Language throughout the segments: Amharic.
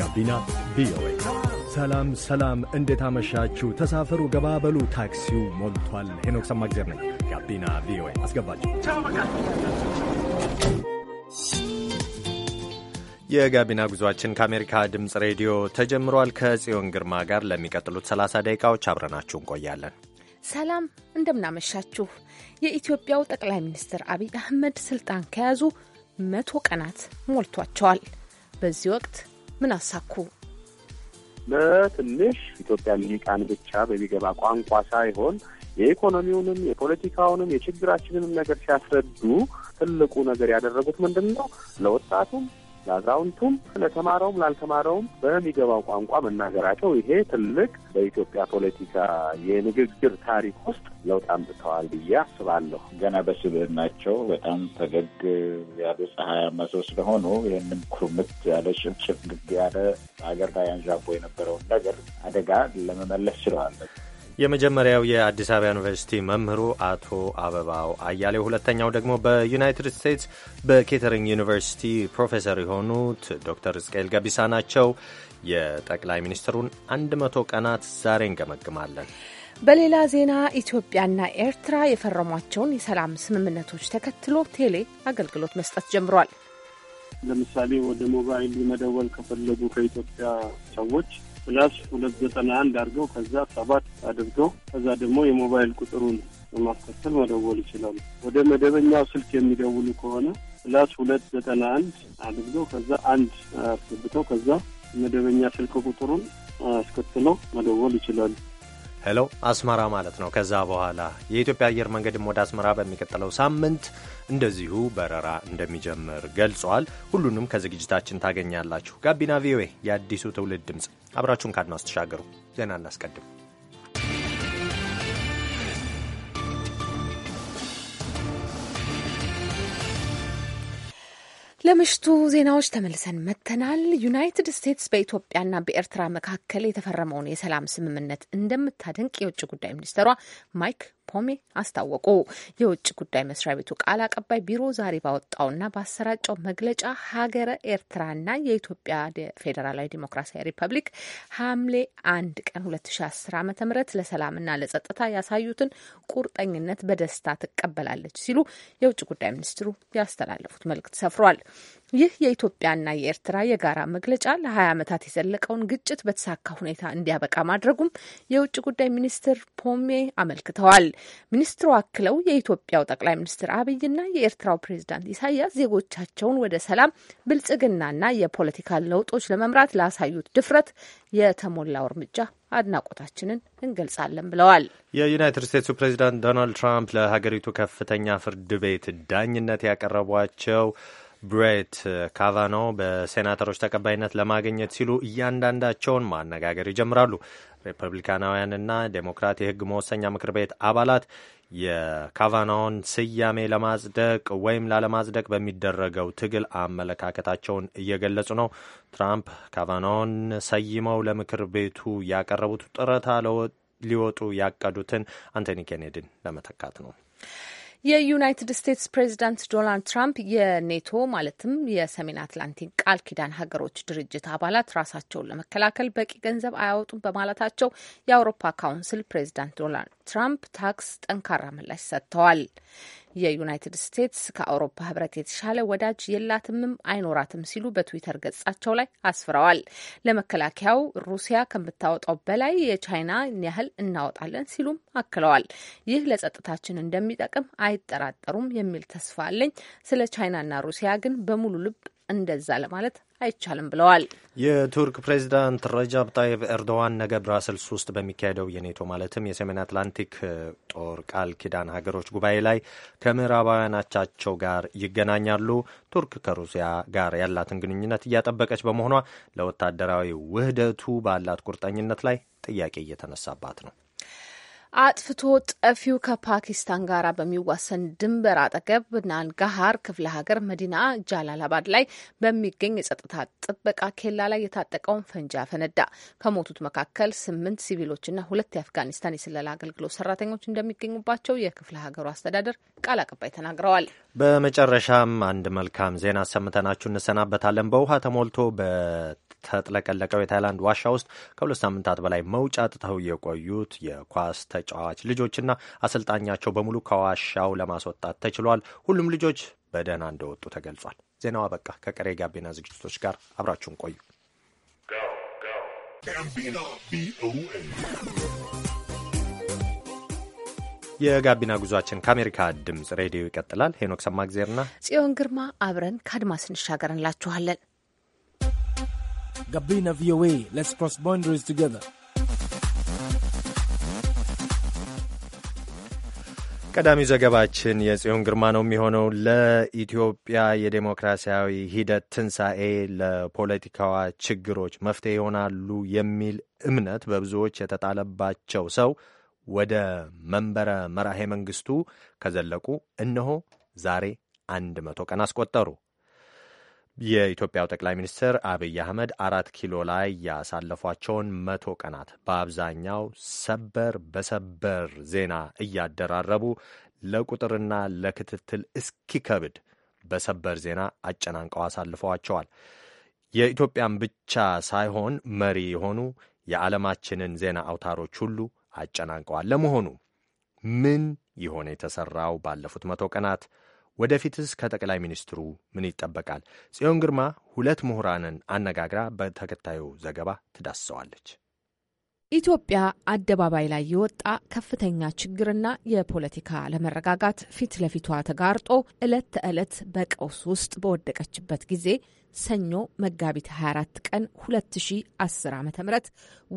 ጋቢና ቪኦኤ። ሰላም ሰላም፣ እንዴት አመሻችሁ? ተሳፈሩ፣ ገባበሉ፣ ታክሲው ሞልቷል። ሄኖክ ሰማግዜር ነኝ። ጋቢና ቪኦኤ አስገባችሁ። የጋቢና ጉዟችን ከአሜሪካ ድምፅ ሬዲዮ ተጀምሯል። ከጽዮን ግርማ ጋር ለሚቀጥሉት 30 ደቂቃዎች አብረናችሁ እንቆያለን። ሰላም እንደምናመሻችሁ። የኢትዮጵያው ጠቅላይ ሚኒስትር አብይ አህመድ ስልጣን ከያዙ መቶ ቀናት ሞልቷቸዋል። በዚህ ወቅት ምን አሳኩ? በትንሽ ኢትዮጵያ ልሂቃን ብቻ በሚገባ ቋንቋ ሳይሆን የኢኮኖሚውንም የፖለቲካውንም የችግራችንንም ነገር ሲያስረዱ ትልቁ ነገር ያደረጉት ምንድን ነው? ለወጣቱም ለአዛውንቱም ለተማረውም ላልተማረውም በሚገባው ቋንቋ መናገራቸው ይሄ ትልቅ በኢትዮጵያ ፖለቲካ የንግግር ታሪክ ውስጥ ለውጥ አምጥተዋል ብዬ አስባለሁ። ገና በስብህናቸው በጣም ፈገግ ያሉ ፀሐያማ ሰው ስለሆኑ ይህንም ኩርምት ያለ ሽብሽብ ያለ ሀገር ላይ አንዣቦ የነበረውን ነገር አደጋ ለመመለስ ችለዋል። የመጀመሪያው የአዲስ አበባ ዩኒቨርሲቲ መምህሩ አቶ አበባው አያሌው፣ ሁለተኛው ደግሞ በዩናይትድ ስቴትስ በኬተሪንግ ዩኒቨርሲቲ ፕሮፌሰር የሆኑት ዶክተር ሕዝቅኤል ገቢሳ ናቸው። የጠቅላይ ሚኒስትሩን 100 ቀናት ዛሬ እንገመግማለን። በሌላ ዜና ኢትዮጵያና ኤርትራ የፈረሟቸውን የሰላም ስምምነቶች ተከትሎ ቴሌ አገልግሎት መስጠት ጀምሯል። ለምሳሌ ወደ ሞባይል መደወል ከፈለጉ ከኢትዮጵያ ሰዎች ፕላስ ሁለት ዘጠና አንድ አድርገው ከዛ ሰባት አድርገው ከዛ ደግሞ የሞባይል ቁጥሩን በማስከተል መደወል ይችላሉ። ወደ መደበኛው ስልክ የሚደውሉ ከሆነ ፕላስ ሁለት ዘጠና አንድ አድርገው ከዛ አንድ አስገብተው ከዛ መደበኛ ስልክ ቁጥሩን አስከትለው መደወል ይችላሉ። ሄሎ አስመራ ማለት ነው። ከዛ በኋላ የኢትዮጵያ አየር መንገድም ወደ አስመራ በሚቀጥለው ሳምንት እንደዚሁ በረራ እንደሚጀምር ገልጿል። ሁሉንም ከዝግጅታችን ታገኛላችሁ። ጋቢና ቪኦኤ የአዲሱ ትውልድ ድምፅ፣ አብራችሁን ካድማስ ተሻገሩ። ዜና እናስቀድም። ለምሽቱ ዜናዎች ተመልሰን መጥተናል። ዩናይትድ ስቴትስ በኢትዮጵያና በኤርትራ መካከል የተፈረመውን የሰላም ስምምነት እንደምታደንቅ የውጭ ጉዳይ ሚኒስትሯ ማይክ ፖሜ አስታወቁ። የውጭ ጉዳይ መስሪያ ቤቱ ቃል አቀባይ ቢሮ ዛሬ ባወጣውና ባሰራጨው መግለጫ ሀገረ ኤርትራና የኢትዮጵያ ፌዴራላዊ ዲሞክራሲያዊ ሪፐብሊክ ሐምሌ አንድ ቀን 2010 ዓ ም ለሰላምና ለጸጥታ ያሳዩትን ቁርጠኝነት በደስታ ትቀበላለች ሲሉ የውጭ ጉዳይ ሚኒስትሩ ያስተላለፉት መልእክት ሰፍሯል። ይህ የኢትዮጵያና የኤርትራ የጋራ መግለጫ ለ20 ዓመታት የዘለቀውን ግጭት በተሳካ ሁኔታ እንዲያበቃ ማድረጉም የውጭ ጉዳይ ሚኒስትር ፖሜ አመልክተዋል። ሚኒስትሩ አክለው የኢትዮጵያው ጠቅላይ ሚኒስትር አብይና የኤርትራው ፕሬዚዳንት ኢሳያስ ዜጎቻቸውን ወደ ሰላም፣ ብልጽግናና የፖለቲካ ለውጦች ለመምራት ላሳዩት ድፍረት የተሞላው እርምጃ አድናቆታችንን እንገልጻለን ብለዋል። የዩናይትድ ስቴትሱ ፕሬዚዳንት ዶናልድ ትራምፕ ለሀገሪቱ ከፍተኛ ፍርድ ቤት ዳኝነት ያቀረቧቸው ብሬት ካቫኖ በሴናተሮች ተቀባይነት ለማግኘት ሲሉ እያንዳንዳቸውን ማነጋገር ይጀምራሉ። ሪፐብሊካናውያንና ዴሞክራት የህግ መወሰኛ ምክር ቤት አባላት የካቫናውን ስያሜ ለማጽደቅ ወይም ላለማጽደቅ በሚደረገው ትግል አመለካከታቸውን እየገለጹ ነው። ትራምፕ ካቫናውን ሰይመው ለምክር ቤቱ ያቀረቡት ጡረታ ሊወጡ ያቀዱትን አንቶኒ ኬኔዲን ለመተካት ነው። የዩናይትድ ስቴትስ ፕሬዚዳንት ዶናልድ ትራምፕ የኔቶ ማለትም የሰሜን አትላንቲክ ቃል ኪዳን ሀገሮች ድርጅት አባላት ራሳቸውን ለመከላከል በቂ ገንዘብ አያወጡም በማለታቸው የአውሮፓ ካውንስል ፕሬዚዳንት ዶናልድ ትራምፕ ታክስ ጠንካራ ምላሽ ሰጥተዋል። የዩናይትድ ስቴትስ ከአውሮፓ ህብረት የተሻለ ወዳጅ የላትምም አይኖራትም ሲሉ በትዊተር ገጻቸው ላይ አስፍረዋል። ለመከላከያው ሩሲያ ከምታወጣው በላይ የቻይናን ያህል እናወጣለን ሲሉም አክለዋል። ይህ ለጸጥታችን እንደሚጠቅም አይጠራጠሩም የሚል ተስፋ አለኝ። ስለ ቻይናና ሩሲያ ግን በሙሉ ልብ እንደዛ ለማለት አይቻልም ብለዋል። የቱርክ ፕሬዚዳንት ረጃብ ጣይብ ኤርዶዋን ነገ ብራሰልስ ውስጥ በሚካሄደው የኔቶ ማለትም የሰሜን አትላንቲክ ጦር ቃል ኪዳን ሀገሮች ጉባኤ ላይ ከምዕራባውያናቻቸው ጋር ይገናኛሉ። ቱርክ ከሩሲያ ጋር ያላትን ግንኙነት እያጠበቀች በመሆኗ ለወታደራዊ ውህደቱ ባላት ቁርጠኝነት ላይ ጥያቄ እየተነሳባት ነው። አጥፍቶ ጠፊው ከፓኪስታን ጋር በሚዋሰን ድንበር አጠገብ ናንጋሃር ክፍለ ሀገር መዲና ጃላላባድ ላይ በሚገኝ የጸጥታ ጥበቃ ኬላ ላይ የታጠቀውን ፈንጂ አፈነዳ። ከሞቱት መካከል ስምንት ሲቪሎችና ሁለት የአፍጋኒስታን የስለላ አገልግሎት ሰራተኞች እንደሚገኙባቸው የክፍለ ሀገሩ አስተዳደር ቃል አቀባይ ተናግረዋል። በመጨረሻም አንድ መልካም ዜና አሰምተናችሁ እንሰናበታለን። በውሃ ተሞልቶ ተጥለቀለቀው የታይላንድ ዋሻ ውስጥ ከሁለት ሳምንታት በላይ መውጫ ጥተው የቆዩት የኳስ ተጫዋች ልጆችና አሰልጣኛቸው በሙሉ ከዋሻው ለማስወጣት ተችሏል። ሁሉም ልጆች በደህና እንደወጡ ተገልጿል። ዜናው በቃ። ከቀሬ ጋቢና ዝግጅቶች ጋር አብራችሁን ቆዩ። የጋቢና ጉዟችን ከአሜሪካ ድምጽ ሬዲዮ ይቀጥላል። ሄኖክ ሰማግዜርና ጽዮን ግርማ አብረን ከአድማስ እንሻገር እንላችኋለን። Gabina VOA. Let's cross boundaries together. ቀዳሚ ዘገባችን የጽዮን ግርማ ነው የሚሆነው። ለኢትዮጵያ የዴሞክራሲያዊ ሂደት ትንሣኤ ለፖለቲካዋ ችግሮች መፍትሄ ይሆናሉ የሚል እምነት በብዙዎች የተጣለባቸው ሰው ወደ መንበረ መራሄ መንግስቱ ከዘለቁ እነሆ ዛሬ አንድ መቶ ቀን አስቆጠሩ። የኢትዮጵያው ጠቅላይ ሚኒስትር አብይ አህመድ አራት ኪሎ ላይ ያሳለፏቸውን መቶ ቀናት በአብዛኛው ሰበር በሰበር ዜና እያደራረቡ ለቁጥርና ለክትትል እስኪከብድ በሰበር ዜና አጨናንቀው አሳልፈዋቸዋል። የኢትዮጵያን ብቻ ሳይሆን መሪ የሆኑ የዓለማችንን ዜና አውታሮች ሁሉ አጨናንቀዋል። ለመሆኑ ምን የሆነ የተሰራው ባለፉት መቶ ቀናት ወደፊትስ ከጠቅላይ ሚኒስትሩ ምን ይጠበቃል? ጽዮን ግርማ ሁለት ምሁራንን አነጋግራ በተከታዩ ዘገባ ትዳስሰዋለች። ኢትዮጵያ አደባባይ ላይ የወጣ ከፍተኛ ችግርና የፖለቲካ አለመረጋጋት ፊት ለፊቷ ተጋርጦ ዕለት ተዕለት በቀውስ ውስጥ በወደቀችበት ጊዜ ሰኞ መጋቢት 24 ቀን 2010 ዓ ም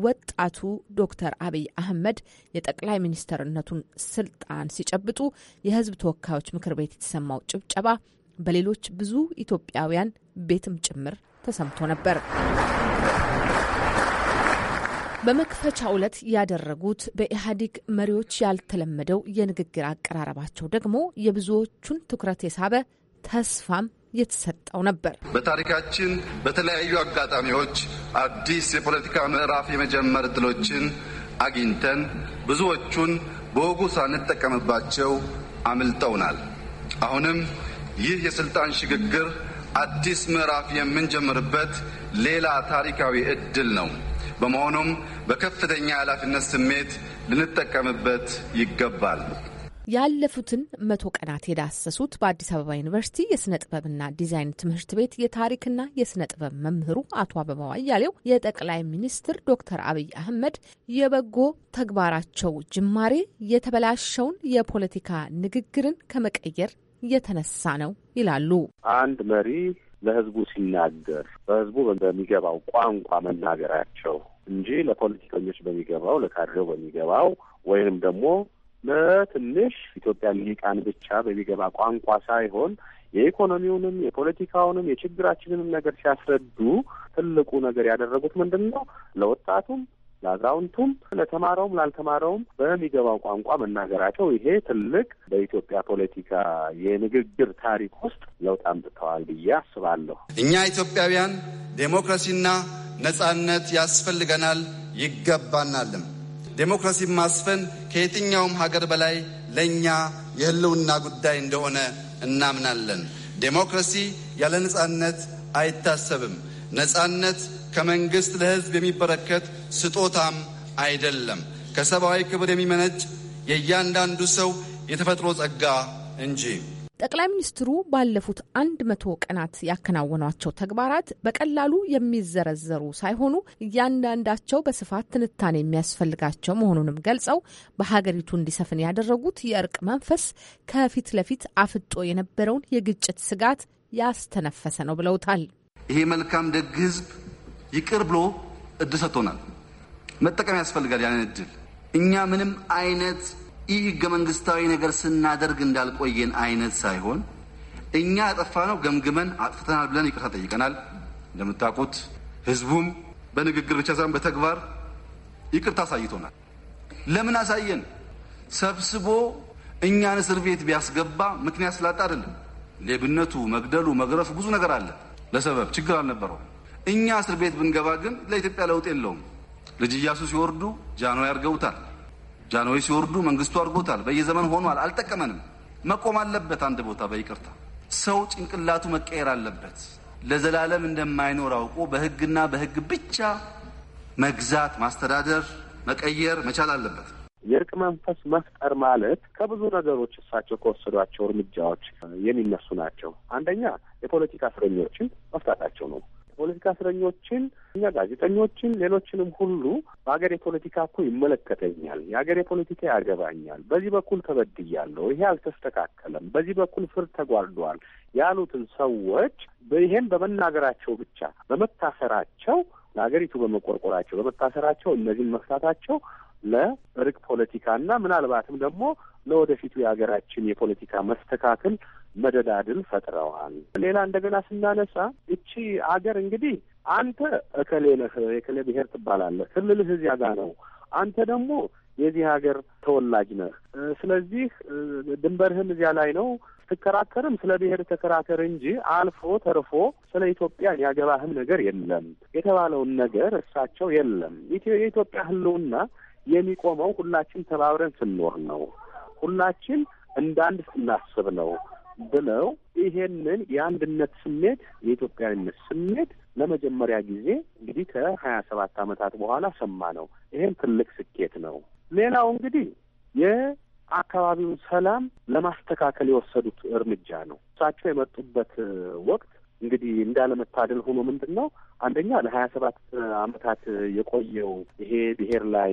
ወጣቱ ዶክተር አብይ አህመድ የጠቅላይ ሚኒስትርነቱን ስልጣን ሲጨብጡ የህዝብ ተወካዮች ምክር ቤት የተሰማው ጭብጨባ በሌሎች ብዙ ኢትዮጵያውያን ቤትም ጭምር ተሰምቶ ነበር። በመክፈቻ ዕለት ያደረጉት በኢህአዴግ መሪዎች ያልተለመደው የንግግር አቀራረባቸው ደግሞ የብዙዎቹን ትኩረት የሳበ ተስፋም የተሰጠው ነበር። በታሪካችን በተለያዩ አጋጣሚዎች አዲስ የፖለቲካ ምዕራፍ የመጀመር እድሎችን አግኝተን ብዙዎቹን በወጉ ሳንጠቀምባቸው አምልጠውናል። አሁንም ይህ የስልጣን ሽግግር አዲስ ምዕራፍ የምንጀምርበት ሌላ ታሪካዊ እድል ነው። በመሆኑም በከፍተኛ ኃላፊነት ስሜት ልንጠቀምበት ይገባል። ያለፉትን መቶ ቀናት የዳሰሱት በአዲስ አበባ ዩኒቨርሲቲ የስነ ጥበብና ዲዛይን ትምህርት ቤት የታሪክና የስነ ጥበብ መምህሩ አቶ አበባው አያሌው የጠቅላይ ሚኒስትር ዶክተር አብይ አህመድ የበጎ ተግባራቸው ጅማሬ የተበላሸውን የፖለቲካ ንግግርን ከመቀየር የተነሳ ነው ይላሉ። አንድ መሪ ለህዝቡ ሲናገር በህዝቡ በሚገባው ቋንቋ መናገራቸው እንጂ ለፖለቲከኞች በሚገባው ለካድሬው በሚገባው ወይንም ደግሞ ለትንሽ ኢትዮጵያ ሊቃን ብቻ በሚገባ ቋንቋ ሳይሆን የኢኮኖሚውንም የፖለቲካውንም የችግራችንንም ነገር ሲያስረዱ ትልቁ ነገር ያደረጉት ምንድን ነው? ለወጣቱም ለአዛውንቱም ለተማረውም ላልተማረውም በሚገባው ቋንቋ መናገራቸው ይሄ ትልቅ በኢትዮጵያ ፖለቲካ የንግግር ታሪክ ውስጥ ለውጥ አምጥተዋል ብዬ አስባለሁ። እኛ ኢትዮጵያውያን ዴሞክራሲና ነጻነት ያስፈልገናል ይገባናልም። ዴሞክራሲ ማስፈን ከየትኛውም ሀገር በላይ ለእኛ የህልውና ጉዳይ እንደሆነ እናምናለን። ዴሞክራሲ ያለ ነጻነት አይታሰብም። ነጻነት ከመንግስት ለህዝብ የሚበረከት ስጦታም አይደለም፣ ከሰብአዊ ክብር የሚመነጭ የእያንዳንዱ ሰው የተፈጥሮ ጸጋ እንጂ ጠቅላይ ሚኒስትሩ ባለፉት አንድ መቶ ቀናት ያከናወኗቸው ተግባራት በቀላሉ የሚዘረዘሩ ሳይሆኑ እያንዳንዳቸው በስፋት ትንታኔ የሚያስፈልጋቸው መሆኑንም ገልጸው በሀገሪቱ እንዲሰፍን ያደረጉት የእርቅ መንፈስ ከፊት ለፊት አፍጦ የነበረውን የግጭት ስጋት ያስተነፈሰ ነው ብለውታል። ይሄ መልካም ደግ ህዝብ ይቅር ብሎ እድል ሰጥቶናል። መጠቀም ያስፈልጋል ያንን እድል እኛ ምንም አይነት ይህ ህገ መንግስታዊ ነገር ስናደርግ እንዳልቆየን አይነት ሳይሆን እኛ ያጠፋ ነው ገምግመን አጥፍተናል ብለን ይቅርታ ጠይቀናል። እንደምታውቁት ህዝቡም በንግግር ብቻ ሳይሆን በተግባር ይቅርታ አሳይቶናል። ለምን አሳየን? ሰብስቦ እኛን እስር ቤት ቢያስገባ ምክንያት ስላጣ አይደለም። ሌብነቱ፣ መግደሉ፣ መግረፉ ብዙ ነገር አለ። ለሰበብ ችግር አልነበረው። እኛ እስር ቤት ብንገባ ግን ለኢትዮጵያ ለውጥ የለውም። ልጅ እያሱ ሲወርዱ ጃንሆይ ያርገውታል። ጃንሆይ ሲወርዱ መንግስቱ አድርጎታል። በየዘመን ሆኗል። አልጠቀመንም። መቆም አለበት አንድ ቦታ በይቅርታ ሰው ጭንቅላቱ መቀየር አለበት። ለዘላለም እንደማይኖር አውቆ በህግና በህግ ብቻ መግዛት፣ ማስተዳደር፣ መቀየር መቻል አለበት። የእርቅ መንፈስ መፍጠር ማለት ከብዙ ነገሮች እሳቸው ከወሰዷቸው እርምጃዎች የሚነሱ ናቸው። አንደኛ የፖለቲካ እስረኞችን መፍታታቸው ነው። የፖለቲካ እስረኞችን እኛ ጋዜጠኞችን፣ ሌሎችንም ሁሉ በሀገር የፖለቲካ እኮ ይመለከተኛል፣ የሀገር የፖለቲካ ያገባኛል፣ በዚህ በኩል ተበድያለሁ፣ ይሄ አልተስተካከለም፣ በዚህ በኩል ፍርድ ተጓድሏል ያሉትን ሰዎች ይሄን በመናገራቸው ብቻ በመታሰራቸው ለሀገሪቱ በመቆርቆራቸው በመታሰራቸው እነዚህን መፍታታቸው ለእርቅ ፖለቲካና ምናልባትም ደግሞ ለወደፊቱ የሀገራችን የፖለቲካ መስተካከል መደላድል ፈጥረዋል። ሌላ እንደገና ስናነሳ እቺ አገር እንግዲህ አንተ እከሌ ነህ፣ ብሄር ብሔር ትባላለህ፣ ክልልህ እዚያ ጋ ነው፣ አንተ ደግሞ የዚህ ሀገር ተወላጅ ነህ። ስለዚህ ድንበርህም እዚያ ላይ ነው። ስትከራከርም ስለ ብሔር ተከራከር እንጂ አልፎ ተርፎ ስለ ኢትዮጵያ ያገባህም ነገር የለም የተባለውን ነገር እሳቸው የለም የኢትዮጵያ ሕልውና የሚቆመው ሁላችን ተባብረን ስንኖር ነው፣ ሁላችን እንደ አንድ ስናስብ ነው ብለው ይሄንን የአንድነት ስሜት የኢትዮጵያዊነት ስሜት ለመጀመሪያ ጊዜ እንግዲህ ከሀያ ሰባት ዓመታት በኋላ ሰማ ነው። ይሄም ትልቅ ስኬት ነው። ሌላው እንግዲህ የአካባቢውን ሰላም ለማስተካከል የወሰዱት እርምጃ ነው። እሳቸው የመጡበት ወቅት እንግዲህ እንዳለመታደል ሆኖ ምንድን ነው አንደኛ ለሀያ ሰባት አመታት የቆየው ይሄ ብሔር ላይ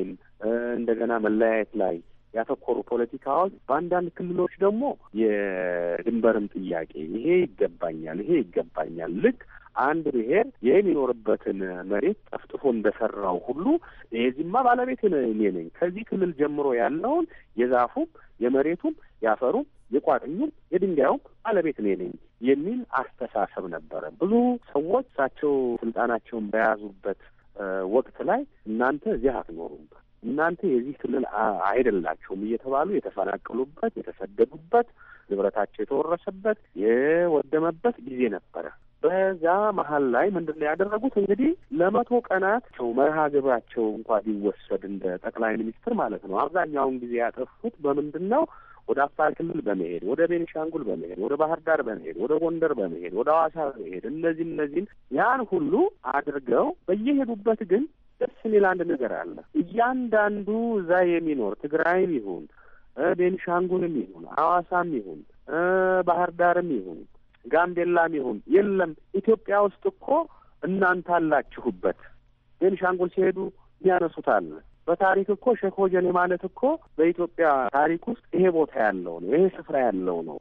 እንደገና መለያየት ላይ ያተኮሩ ፖለቲካዎች በአንዳንድ ክልሎች ደግሞ የድንበርም ጥያቄ ይሄ ይገባኛል ይሄ ይገባኛል ልክ አንድ ብሔር የሚኖርበትን መሬት ጠፍጥፎ እንደሰራው ሁሉ የዚማ ባለቤት እኔ ነኝ፣ ከዚህ ክልል ጀምሮ ያለውን የዛፉም፣ የመሬቱም፣ የአፈሩም፣ የቋጥኙም፣ የድንጋዩም ባለቤት እኔ ነኝ የሚል አስተሳሰብ ነበረ። ብዙ ሰዎች እሳቸው ስልጣናቸውን በያዙበት ወቅት ላይ እናንተ እዚህ አትኖሩም እናንተ የዚህ ክልል አይደላችሁም እየተባሉ የተፈናቀሉበት የተሰደዱበት ንብረታቸው የተወረሰበት የወደመበት ጊዜ ነበረ። በዛ መሀል ላይ ምንድን ነው ያደረጉት? እንግዲህ ለመቶ ቀናት መርሃ ግብራቸው እንኳ ቢወሰድ እንደ ጠቅላይ ሚኒስትር ማለት ነው አብዛኛውን ጊዜ ያጠፉት በምንድን ነው? ወደ አፋር ክልል በመሄድ ወደ ቤኒሻንጉል በመሄድ ወደ ባህር ዳር በመሄድ ወደ ጎንደር በመሄድ ወደ አዋሳ በመሄድ እነዚህ እነዚህን ያን ሁሉ አድርገው በየሄዱበት ግን ደስ የሚል አንድ ነገር አለ። እያንዳንዱ እዛ የሚኖር ትግራይም ይሁን ቤኒሻንጉልም ይሁን አዋሳም ይሁን ባህር ዳርም ይሁን ጋምቤላም ይሁን የለም ኢትዮጵያ ውስጥ እኮ እናንተ አላችሁበት። ቤንሻንጉል ሲሄዱ ያነሱታል። በታሪክ እኮ ሼክ ወጀኔ ማለት እኮ በኢትዮጵያ ታሪክ ውስጥ ይሄ ቦታ ያለው ነው፣ ይሄ ስፍራ ያለው ነው።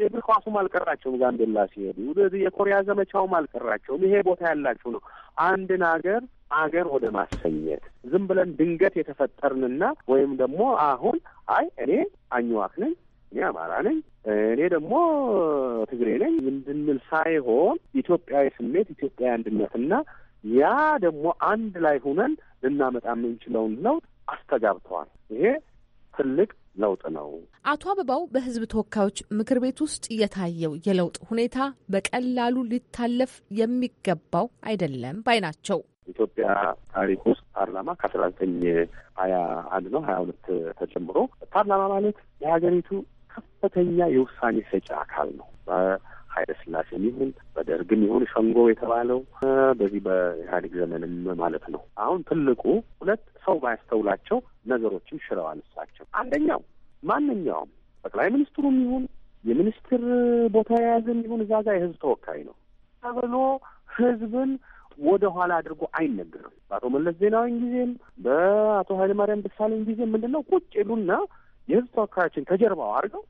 የእግር ኳሱም አልቀራቸውም። ጋምቤላ ሲሄዱ የኮሪያ ዘመቻውም አልቀራቸውም። ይሄ ቦታ ያላችሁ ነው። አንድን አገር አገር ወደ ማሰኘት ዝም ብለን ድንገት የተፈጠርንና ወይም ደግሞ አሁን አይ እኔ አኝዋክ ነኝ እኔ አማራ ነኝ፣ እኔ ደግሞ ትግሬ ነኝ እንድንል ሳይሆን ኢትዮጵያዊ ስሜት፣ ኢትዮጵያዊ አንድነትና ያ ደግሞ አንድ ላይ ሁነን ልናመጣ የምንችለውን ለውጥ አስተጋብተዋል። ይሄ ትልቅ ለውጥ ነው። አቶ አበባው በህዝብ ተወካዮች ምክር ቤት ውስጥ የታየው የለውጥ ሁኔታ በቀላሉ ሊታለፍ የሚገባው አይደለም ባይ ናቸው። ኢትዮጵያ ታሪክ ውስጥ ፓርላማ ከአስራ ዘጠኝ ሀያ አንድ ነው ሀያ ሁለት ተጀምሮ ፓርላማ ማለት የሀገሪቱ ከፍተኛ የውሳኔ ሰጪ አካል ነው። ኃይለ ሥላሴ ይሁን በደርግም ይሁን ሸንጎ የተባለው በዚህ በኢህአዴግ ዘመንም ማለት ነው። አሁን ትልቁ ሁለት ሰው ባያስተውላቸው ነገሮችን ሽረዋል እሳቸው። አንደኛው ማንኛውም ጠቅላይ ሚኒስትሩም ይሁን የሚኒስትር ቦታ የያዘም ይሁን እዛ ጋር የህዝብ ተወካይ ነው ተብሎ ህዝብን ወደ ኋላ አድርጎ አይነገርም። በአቶ መለስ ዜናዊን ጊዜም በአቶ ኃይለማርያም ደሳለኝ ጊዜም ምንድን ነው ቁጭ ይሉና የህዝብ ተወካዮችን ከጀርባው አርገው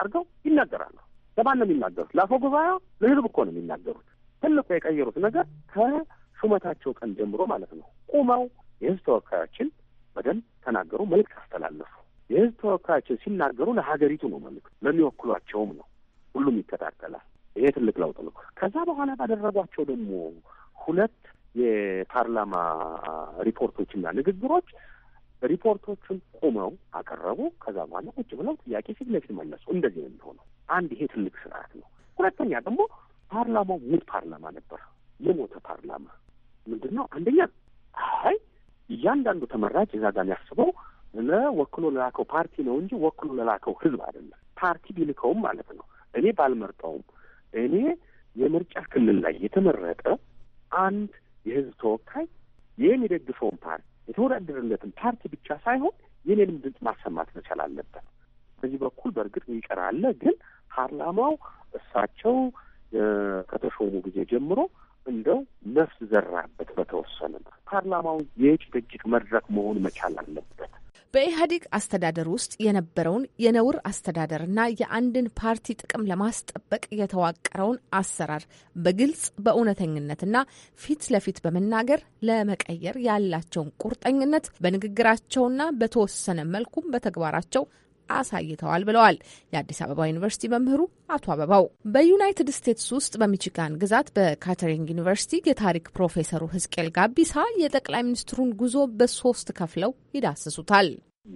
አርገው ይናገራሉ። ለማን ነው የሚናገሩት? ለአፈ ጉባኤው ለህዝብ እኮ ነው የሚናገሩት። ትልቁ የቀየሩት ነገር ከሹመታቸው ቀን ጀምሮ ማለት ነው ቁመው የህዝብ ተወካዮችን በደንብ ተናገሩ፣ መልእክት አስተላለፉ። የህዝብ ተወካዮችን ሲናገሩ ለሀገሪቱ ነው መልእክት፣ ለሚወክሏቸውም ነው። ሁሉም ይከታተላል። ይሄ ትልቅ ለውጥ ነው። ከዛ በኋላ ባደረጓቸው ደግሞ ሁለት የፓርላማ ሪፖርቶችና ንግግሮች ሪፖርቶቹን ቆመው አቀረቡ። ከዛ በኋላ ቁጭ ብለው ጥያቄ ፊት ለፊት መለሱ። እንደዚህ ነው የሚሆነው። አንድ ይሄ ትልቅ ስርዓት ነው። ሁለተኛ ደግሞ ፓርላማው ሙት ፓርላማ ነበር። የሞተ ፓርላማ ምንድን ነው? አንደኛ አይ እያንዳንዱ ተመራጭ እዛ ጋር የሚያስበው ለወክሎ ለላከው ፓርቲ ነው እንጂ ወክሎ ለላከው ህዝብ አይደለም። ፓርቲ ቢልከውም ማለት ነው እኔ ባልመርጠውም እኔ የምርጫ ክልል ላይ የተመረጠ አንድ የህዝብ ተወካይ የሚደግፈውን ፓርቲ የተወዳደረለትን ፓርቲ ብቻ ሳይሆን የኔንም ድምፅ ማሰማት መቻል አለበት። በዚህ በኩል በእርግጥ ይቀር አለ፣ ግን ፓርላማው እሳቸው ከተሾሙ ጊዜ ጀምሮ እንደው ነፍስ ዘራበት በተወሰነ ፓርላማው የጭቅጭቅ መድረክ መሆን መቻል አለበት። በኢህአዴግ አስተዳደር ውስጥ የነበረውን የነውር አስተዳደርና የአንድን ፓርቲ ጥቅም ለማስጠበቅ የተዋቀረውን አሰራር በግልጽ በእውነተኝነትና ፊት ለፊት በመናገር ለመቀየር ያላቸውን ቁርጠኝነት በንግግራቸውና በተወሰነ መልኩም በተግባራቸው አሳይተዋል ብለዋል። የአዲስ አበባ ዩኒቨርሲቲ መምህሩ አቶ አበባው በዩናይትድ ስቴትስ ውስጥ በሚችጋን ግዛት በካተሪንግ ዩኒቨርሲቲ የታሪክ ፕሮፌሰሩ ህዝቅኤል ጋቢሳ የጠቅላይ ሚኒስትሩን ጉዞ በሶስት ከፍለው ይዳስሱታል።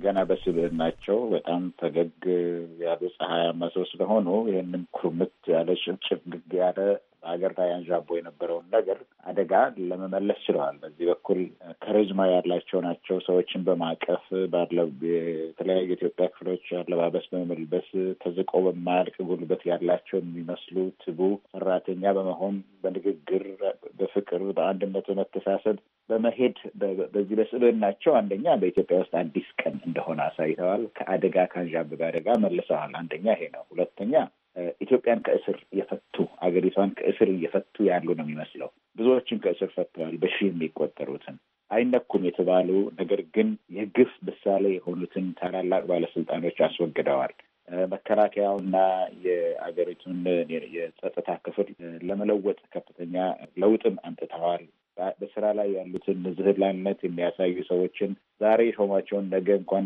ገና በስብዕናቸው በጣም ፈገግ ያሉ ፀሐያማ ሰው ስለሆኑ ይህንን ኩርምት ያለ ሽብሽብግግ ያለ ሀገር ላይ አንዣቦ የነበረውን ነገር አደጋ ለመመለስ ችለዋል። በዚህ በኩል ከሪዝማ ያላቸው ናቸው። ሰዎችን በማቀፍ የተለያዩ የኢትዮጵያ ክፍሎች አለባበስ በመመልበስ ተዝቆ በማያልቅ ጉልበት ያላቸው የሚመስሉ ትቡ ሰራተኛ በመሆን በንግግር፣ በፍቅር፣ በአንድነት፣ በመተሳሰብ በመሄድ በዚህ በስብዕናቸው አንደኛ በኢትዮጵያ ውስጥ አዲስ ቀን እንደሆነ አሳይተዋል። ከአደጋ ከአንዣበበ አደጋ መልሰዋል። አንደኛ ይሄ ነው። ሁለተኛ ኢትዮጵያን ከእስር የፈ ሀገሪቷን ከእስር እየፈቱ ያሉ ነው የሚመስለው። ብዙዎችን ከእስር ፈተዋል፣ በሺ የሚቆጠሩትን አይነኩም የተባሉ ነገር ግን የግፍ ምሳሌ የሆኑትን ታላላቅ ባለስልጣኖች አስወግደዋል። መከላከያውና የአገሪቱን የጸጥታ ክፍል ለመለወጥ ከፍተኛ ለውጥም አምጥተዋል በስራ ላይ ያሉትን ዝህላነት የሚያሳዩ ሰዎችን ዛሬ ሾማቸውን ነገ እንኳን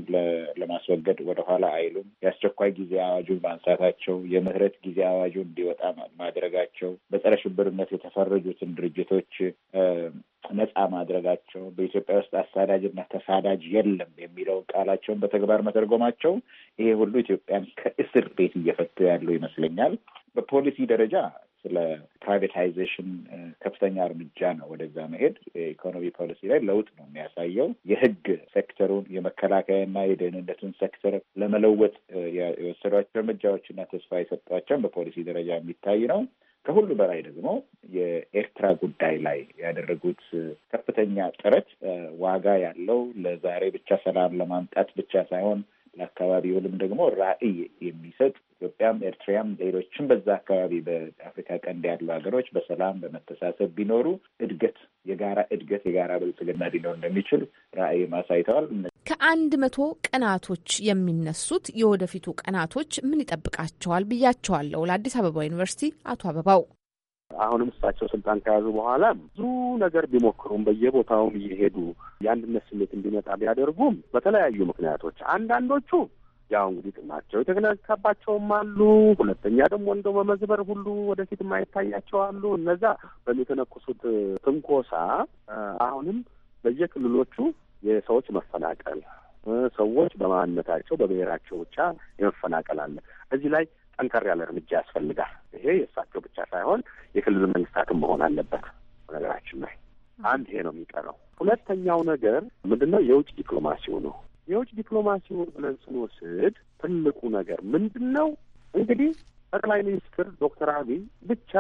ለማስወገድ ወደኋላ አይሉም። የአስቸኳይ ጊዜ አዋጁን ማንሳታቸው፣ የምህረት ጊዜ አዋጁ እንዲወጣ ማድረጋቸው፣ በጸረ ሽብርነት የተፈረጁትን ድርጅቶች ነፃ ማድረጋቸው፣ በኢትዮጵያ ውስጥ አሳዳጅና ተሳዳጅ የለም የሚለውን ቃላቸውን በተግባር መተርጎማቸው፣ ይሄ ሁሉ ኢትዮጵያን ከእስር ቤት እየፈቱ ያሉ ይመስለኛል። በፖሊሲ ደረጃ ስለ ፕራይቬታይዜሽን ከፍተኛ እርምጃ ነው ወደዛ መሄድ። የኢኮኖሚ ፖሊሲ ላይ ለውጥ ነው የሚያሳየው። የህግ ሴክተሩን የመከላከያና የደህንነቱን ሴክተር ለመለወጥ የወሰዷቸው እና ተስፋ የሰጧቸውን በፖሊሲ ደረጃ የሚታይ ነው። ከሁሉ በላይ ደግሞ የኤርትራ ጉዳይ ላይ ያደረጉት ከፍተኛ ጥረት ዋጋ ያለው ለዛሬ ብቻ ሰላም ለማምጣት ብቻ ሳይሆን ለአካባቢውንም ደግሞ ራዕይ የሚሰጥ ኢትዮጵያም ኤርትራም ሌሎችም በዛ አካባቢ በአፍሪካ ቀንድ ያሉ ሀገሮች በሰላም በመተሳሰብ ቢኖሩ እድገት የጋራ እድገት የጋራ ብልጽግና ሊኖር እንደሚችል ራዕይም ማሳይተዋል። ከአንድ መቶ ቀናቶች የሚነሱት የወደፊቱ ቀናቶች ምን ይጠብቃቸዋል ብያቸዋለሁ ለአዲስ አበባ ዩኒቨርሲቲ አቶ አበባው አሁንም እሳቸው ስልጣን ከያዙ በኋላ ብዙ ነገር ቢሞክሩም በየቦታውም እየሄዱ የአንድነት ስሜት እንዲመጣ ቢያደርጉም በተለያዩ ምክንያቶች አንዳንዶቹ ያው እንግዲህ ጥማቸው የተገነካባቸውም አሉ። ሁለተኛ ደግሞ እንደው መመዝበር ሁሉ ወደፊት የማይታያቸው አሉ። እነዛ በሚተነኩሱት ትንኮሳ አሁንም በየክልሎቹ የሰዎች መፈናቀል፣ ሰዎች በማንነታቸው በብሔራቸው ብቻ የመፈናቀል አለ። እዚህ ላይ ጠንከር ያለ እርምጃ ያስፈልጋል። ይሄ የእሳቸው ብቻ ሳይሆን የክልል መንግስታትም መሆን አለበት። ነገራችን ላይ አንድ ይሄ ነው የሚቀረው። ሁለተኛው ነገር ምንድነው? የውጭ ዲፕሎማሲው ነው። የውጭ ዲፕሎማሲውን ብለን ስንወስድ ትልቁ ነገር ምንድን ነው? እንግዲህ ጠቅላይ ሚኒስትር ዶክተር አብይ ብቻ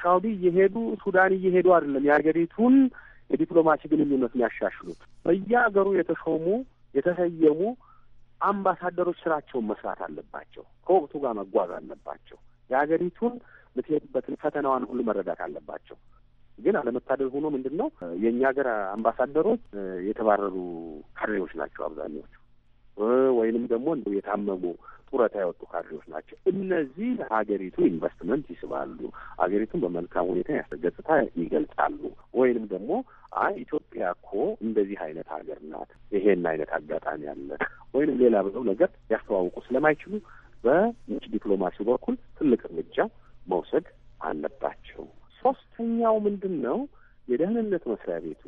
ሳውዲ እየሄዱ ሱዳን እየሄዱ አይደለም የሀገሪቱን የዲፕሎማሲ ግንኙነት የሚያሻሽሉት በየሀገሩ የተሾሙ የተሰየሙ አምባሳደሮች ስራቸውን መስራት አለባቸው። ከወቅቱ ጋር መጓዝ አለባቸው። የሀገሪቱን የምትሄድበትን ፈተናዋን ሁሉ መረዳት አለባቸው። ግን አለመታደል ሆኖ ምንድን ነው የእኛ ሀገር አምባሳደሮች የተባረሩ ካድሬዎች ናቸው አብዛኛዎቹ፣ ወይንም ደግሞ የታመሙ ጡረታ ያወጡ ካድሬዎች ናቸው። እነዚህ ለሀገሪቱ ኢንቨስትመንት ይስባሉ፣ ሀገሪቱን በመልካም ሁኔታ ያስገጽታ ይገልጻሉ። ወይንም ደግሞ አይ ኢትዮጵያ እኮ እንደዚህ አይነት ሀገር ናት፣ ይሄን አይነት አጋጣሚ አለ ወይንም ሌላ ብለው ነገር ሊያስተዋውቁ ስለማይችሉ በውጭ ዲፕሎማሲው በኩል ትልቅ እርምጃ መውሰድ አለባቸው። ሶስተኛው ምንድን ነው? የደህንነት መስሪያ ቤቱ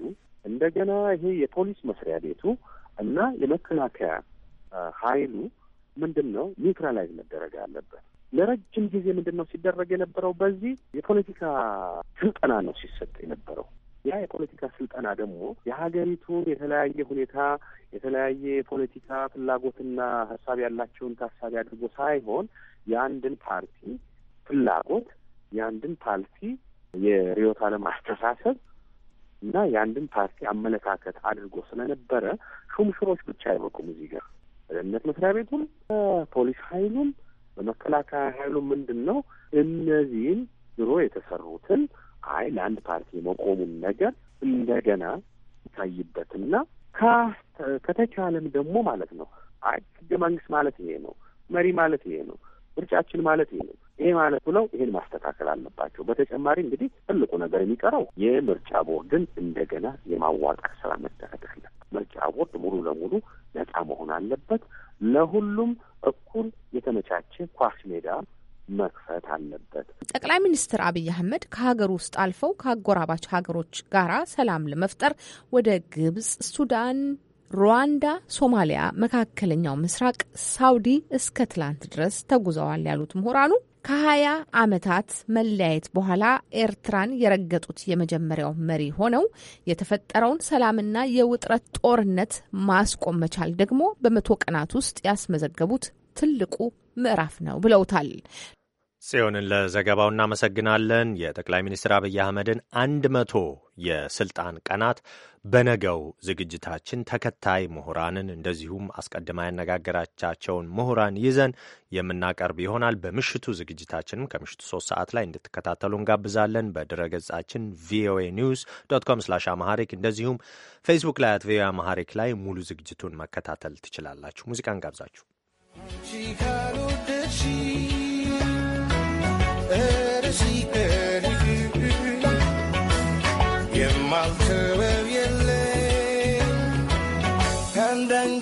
እንደገና ይሄ የፖሊስ መስሪያ ቤቱ እና የመከላከያ ኃይሉ ምንድን ነው ኒውትራላይዝ መደረግ አለበት። ለረጅም ጊዜ ምንድን ነው ሲደረግ የነበረው? በዚህ የፖለቲካ ስልጠና ነው ሲሰጥ የነበረው። ያ የፖለቲካ ስልጠና ደግሞ የሀገሪቱን የተለያየ ሁኔታ የተለያየ የፖለቲካ ፍላጎትና ሀሳብ ያላቸውን ታሳቢ አድርጎ ሳይሆን የአንድን ፓርቲ ፍላጎት የአንድን ፓርቲ የርዕዮተ ዓለም አስተሳሰብ እና የአንድን ፓርቲ አመለካከት አድርጎ ስለነበረ ሹምሽሮች ብቻ አይበቁም እዚህ ጋር ደህንነት መስሪያ ቤቱም ፖሊስ ኃይሉም በመከላከያ ኃይሉ ምንድን ነው እነዚህን ድሮ የተሰሩትን አይ ለአንድ ፓርቲ የመቆሙን ነገር እንደገና ይታይበትና ከተቻለም ደግሞ ማለት ነው አይ ህገ መንግስት ማለት ይሄ ነው፣ መሪ ማለት ይሄ ነው፣ ምርጫችን ማለት ይሄ ነው ይሄ ማለት ብለው ይሄን ማስተካከል አለባቸው። በተጨማሪ እንግዲህ ትልቁ ነገር የሚቀረው የምርጫ ቦርድን እንደገና የማዋቀር ስራ መደረግ አለበት። ምርጫ ቦርድ ሙሉ ለሙሉ ነጻ መሆን አለበት። ለሁሉም እኩል የተመቻቸ ኳስ ሜዳ መክፈት አለበት። ጠቅላይ ሚኒስትር አብይ አህመድ ከሀገር ውስጥ አልፈው ከአጎራባች ሀገሮች ጋራ ሰላም ለመፍጠር ወደ ግብጽ፣ ሱዳን፣ ሩዋንዳ፣ ሶማሊያ፣ መካከለኛው ምስራቅ፣ ሳውዲ እስከ ትላንት ድረስ ተጉዘዋል ያሉት ምሁራኑ ከሀያ ዓመታት መለያየት በኋላ ኤርትራን የረገጡት የመጀመሪያው መሪ ሆነው የተፈጠረውን ሰላምና የውጥረት ጦርነት ማስቆም መቻል ደግሞ በመቶ ቀናት ውስጥ ያስመዘገቡት ትልቁ ምዕራፍ ነው ብለውታል። ጽዮንን ለዘገባው እናመሰግናለን። የጠቅላይ ሚኒስትር አብይ አህመድን አንድ መቶ የስልጣን ቀናት በነገው ዝግጅታችን ተከታይ ምሁራንን እንደዚሁም አስቀድማ ያነጋገራቻቸውን ምሁራን ይዘን የምናቀርብ ይሆናል። በምሽቱ ዝግጅታችንም ከምሽቱ ሶስት ሰዓት ላይ እንድትከታተሉ እንጋብዛለን። በድረገጻችን ቪኦኤ ኒውስ ዶት ኮም ስላሽ አማሐሪክ እንደዚሁም ፌስቡክ ላይ አት ቪኦኤ አማሐሪክ ላይ ሙሉ ዝግጅቱን መከታተል ትችላላችሁ። ሙዚቃን ጋብዛችሁ Yamaltı ve yelle Benden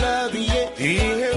love you. Yeah.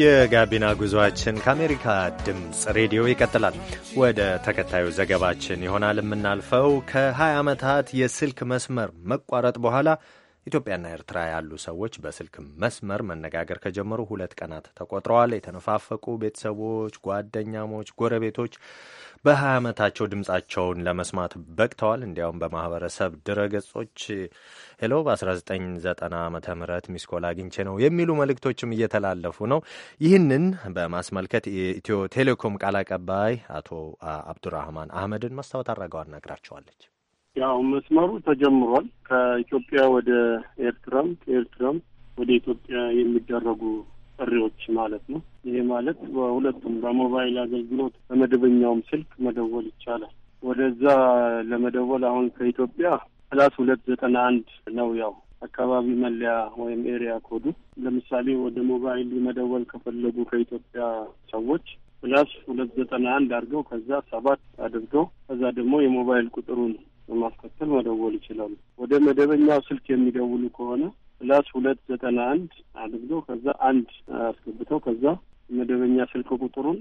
የጋቢና ጉዞአችን ከአሜሪካ ድምፅ ሬዲዮ ይቀጥላል። ወደ ተከታዩ ዘገባችን ይሆናል የምናልፈው። ከ20 ዓመታት የስልክ መስመር መቋረጥ በኋላ ኢትዮጵያና ኤርትራ ያሉ ሰዎች በስልክ መስመር መነጋገር ከጀመሩ ሁለት ቀናት ተቆጥረዋል። የተነፋፈቁ ቤተሰቦች፣ ጓደኛሞች፣ ጎረቤቶች በሀያ ዓመታቸው ድምፃቸውን ለመስማት በቅተዋል። እንዲያውም በማህበረሰብ ድረገጾች ሄሎ በ1990 ዓመተ ምህረት ሚስኮል አግኝቼ ነው የሚሉ መልእክቶችም እየተላለፉ ነው። ይህንን በማስመልከት የኢትዮ ቴሌኮም ቃል አቀባይ አቶ አብዱራህማን አህመድን መስታወት አድርገው አናግራቸዋለች። ያው መስመሩ ተጀምሯል። ከኢትዮጵያ ወደ ኤርትራም ከኤርትራም ወደ ኢትዮጵያ የሚደረጉ ጥሪዎች ማለት ነው። ይሄ ማለት በሁለቱም በሞባይል አገልግሎት በመደበኛውም ስልክ መደወል ይቻላል። ወደዛ ለመደወል አሁን ከኢትዮጵያ ፕላስ ሁለት ዘጠና አንድ ነው ያው አካባቢ መለያ ወይም ኤሪያ ኮዱ። ለምሳሌ ወደ ሞባይል መደወል ከፈለጉ ከኢትዮጵያ ሰዎች ፕላስ ሁለት ዘጠና አንድ አድርገው ከዛ ሰባት አድርገው ከዛ ደግሞ የሞባይል ቁጥሩን በማስከተል መደወል ይችላሉ። ወደ መደበኛው ስልክ የሚደውሉ ከሆነ ፕላስ ሁለት ዘጠና አንድ አድርገው ከዛ አንድ አስገብተው ከዛ መደበኛ ስልክ ቁጥሩን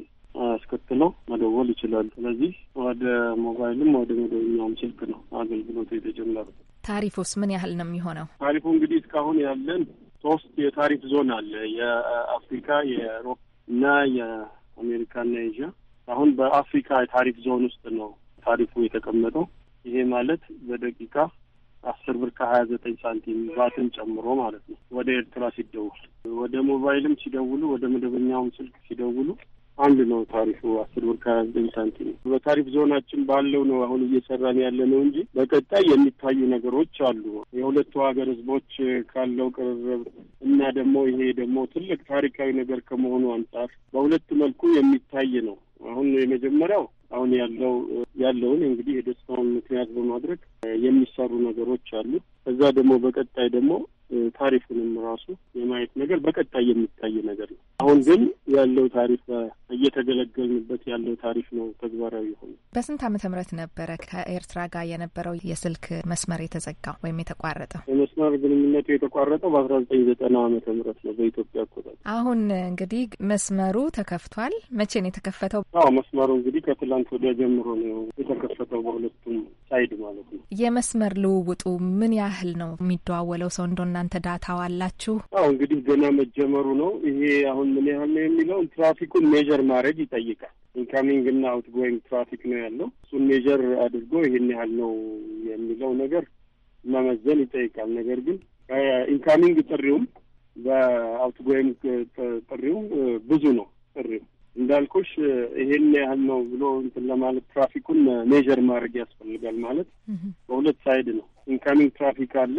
አስከትለው መደወል ይችላሉ። ስለዚህ ወደ ሞባይልም ወደ መደበኛውም ስልክ ነው አገልግሎት የተጀመረ ታሪፉስ ምን ያህል ነው የሚሆነው? ታሪፉ እንግዲህ እስካሁን ያለን ሶስት የታሪፍ ዞን አለ። የአፍሪካ፣ የአውሮፓ እና የአሜሪካና ኤዥያ። አሁን በአፍሪካ የታሪፍ ዞን ውስጥ ነው ታሪፉ የተቀመጠው። ይሄ ማለት በደቂቃ አስር ብር ከሀያ ዘጠኝ ሳንቲም ባትን ጨምሮ ማለት ነው። ወደ ኤርትራ ሲደውል ወደ ሞባይልም ሲደውሉ ወደ መደበኛውም ስልክ ሲደውሉ አንድ ነው ታሪፉ አስር ብር ከሀያ ዘጠኝ ሳንቲም በታሪፍ ዞናችን ባለው ነው አሁን እየሰራን ያለ ነው እንጂ በቀጣይ የሚታዩ ነገሮች አሉ። የሁለቱ ሀገር ህዝቦች ካለው ቅርርብ እና ደግሞ ይሄ ደግሞ ትልቅ ታሪካዊ ነገር ከመሆኑ አንጻር በሁለት መልኩ የሚታይ ነው። አሁን የመጀመሪያው አሁን ያለው ያለውን እንግዲህ የደስታውን ምክንያት በማድረግ የሚሰሩ ነገሮች አሉ። እዛ ደግሞ በቀጣይ ደግሞ ታሪኩንም ራሱ የማየት ነገር በቀጣይ የሚታይ ነገር ነው። አሁን ግን ያለው ታሪፍ እየተገለገልንበት ያለው ታሪፍ ነው ተግባራዊ የሆነ። በስንት ዓመተ ምህረት ነበረ ከኤርትራ ጋር የነበረው የስልክ መስመር የተዘጋው ወይም የተቋረጠው? የመስመር ግንኙነቱ የተቋረጠው በአስራ ዘጠኝ ዘጠና ዓመተ ምህረት ነው በኢትዮጵያ አቆጣጠር። አሁን እንግዲህ መስመሩ ተከፍቷል። መቼ ነው የተከፈተው? አዎ መስመሩ እንግዲህ ከትላንት ወዲያ ጀምሮ ነው የተከፈተው በሁለቱም ሳይድ ማለት ነው። የመስመር ልውውጡ ምን ያህል ነው የሚደዋወለው ሰው? እንደ እናንተ ዳታው አላችሁ? አዎ እንግዲህ ገና መጀመሩ ነው ይሄ አሁን ምን ያህል ነው የሚለውን ትራፊኩን ሜዥር ማድረግ ይጠይቃል። ኢንካሚንግ እና አውት ትራፊክ ነው ያለው። እሱን ሜዥር አድርጎ ይህን ያህል ነው የሚለው ነገር መመዘን ይጠይቃል። ነገር ግን ኢንካሚንግ ጥሪውም በአውትጎይንግ ጥሪው ብዙ ነው። ጥሪው እንዳልኩሽ ይሄን ያህል ነው ብሎ እንትን ለማለት ትራፊኩን ሜዥር ማድረግ ያስፈልጋል። ማለት በሁለት ሳይድ ነው። ኢንካሚንግ ትራፊክ አለ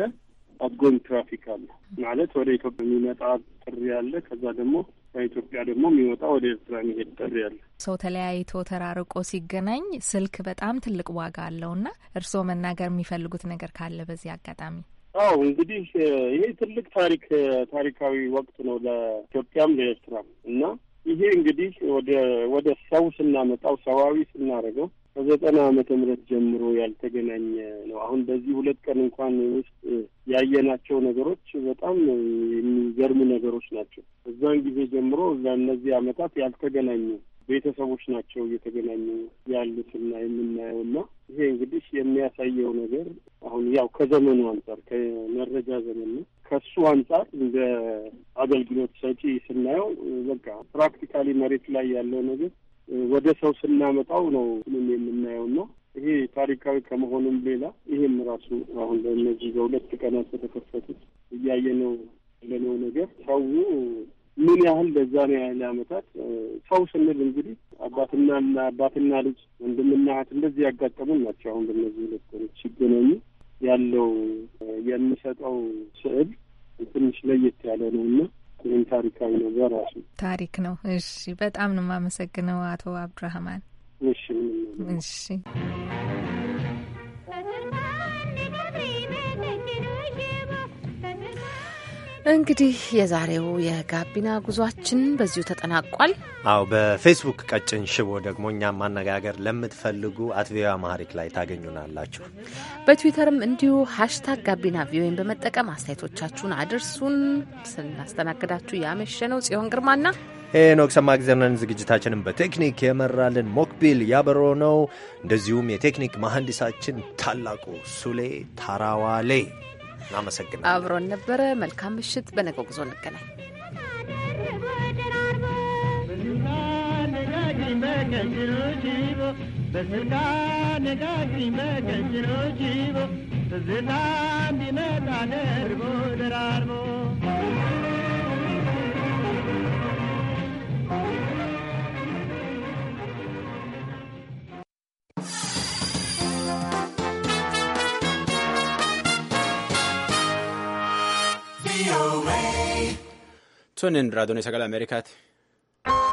አትጎይንግ ትራፊክ አለ ማለት ወደ ኢትዮጵያ የሚመጣ ጥሪ አለ። ከዛ ደግሞ ከኢትዮጵያ ደግሞ የሚወጣ ወደ ኤርትራ የሚሄድ ጥሪ አለ። ሰው ተለያይቶ ተራርቆ ሲገናኝ ስልክ በጣም ትልቅ ዋጋ አለው እና እርስዎ መናገር የሚፈልጉት ነገር ካለ በዚህ አጋጣሚ አው እንግዲህ ይሄ ትልቅ ታሪክ ታሪካዊ ወቅት ነው ለኢትዮጵያም ለኤርትራም እና ይሄ እንግዲህ ወደ ወደ ሰው ስናመጣው ሰዋዊ ስናደርገው ከዘጠና ዓመተ ምህረት ጀምሮ ያልተገናኘ ነው። አሁን በዚህ ሁለት ቀን እንኳን ውስጥ ያየናቸው ነገሮች በጣም የሚገርሙ ነገሮች ናቸው። እዛን ጊዜ ጀምሮ እነዚህ ዓመታት ያልተገናኙ ቤተሰቦች ናቸው እየተገናኙ ያሉትና የምናየው እና ይሄ እንግዲህ የሚያሳየው ነገር አሁን ያው ከዘመኑ አንጻር ከመረጃ ዘመን ነው። ከሱ አንጻር እንደ አገልግሎት ሰጪ ስናየው በቃ ፕራክቲካሊ መሬት ላይ ያለው ነገር ወደ ሰው ስናመጣው ነው ምንም የምናየው ነው። ይሄ ታሪካዊ ከመሆኑም ሌላ ይህም ራሱ አሁን በእነዚህ በሁለት ቀናት በተከፈቱት ነው ያለነው ነገር ሰው ምን ያህል በዛ ነው ያህል አመታት ሰው ስንል እንግዲህ አባትና አባትና ልጅ ወንድምና እህት እንደዚህ ያጋጠሙን ናቸው። አሁን በእነዚህ ሁለት ቀኖች ሲገናኙ ያለው የሚሰጠው ስዕል ትንሽ ለየት ያለ ነው እና ይህም ታሪካዊ ነገር ራሱ ታሪክ ነው። እሺ፣ በጣም ነው የማመሰግነው አቶ አብዱራህማን። እሺ፣ እሺ። እንግዲህ የዛሬው የጋቢና ጉዟችን በዚሁ ተጠናቋል። አዎ በፌስቡክ ቀጭን ሽቦ ደግሞ እኛም ማነጋገር ለምትፈልጉ አት ቪኦኤ አማሪክ ላይ ታገኙናላችሁ። በትዊተርም እንዲሁ ሀሽታግ ጋቢና ቪኦኤን በመጠቀም አስተያየቶቻችሁን አድርሱን። ስናስተናግዳችሁ ያመሸ ነው ጽዮን ግርማና ሄኖክ ሰማእግዜርነን። ዝግጅታችንን በቴክኒክ የመራልን ሞክቢል ያበሮ ነው። እንደዚሁም የቴክኒክ መሐንዲሳችን ታላቁ ሱሌ ታራዋሌ አመሰግናለሁ። አብሮን ነበረ። መልካም ምሽት። በነገው ጉዞ እንገናኝ። Thank you. Tun raadonii sagalee Ameerikaati.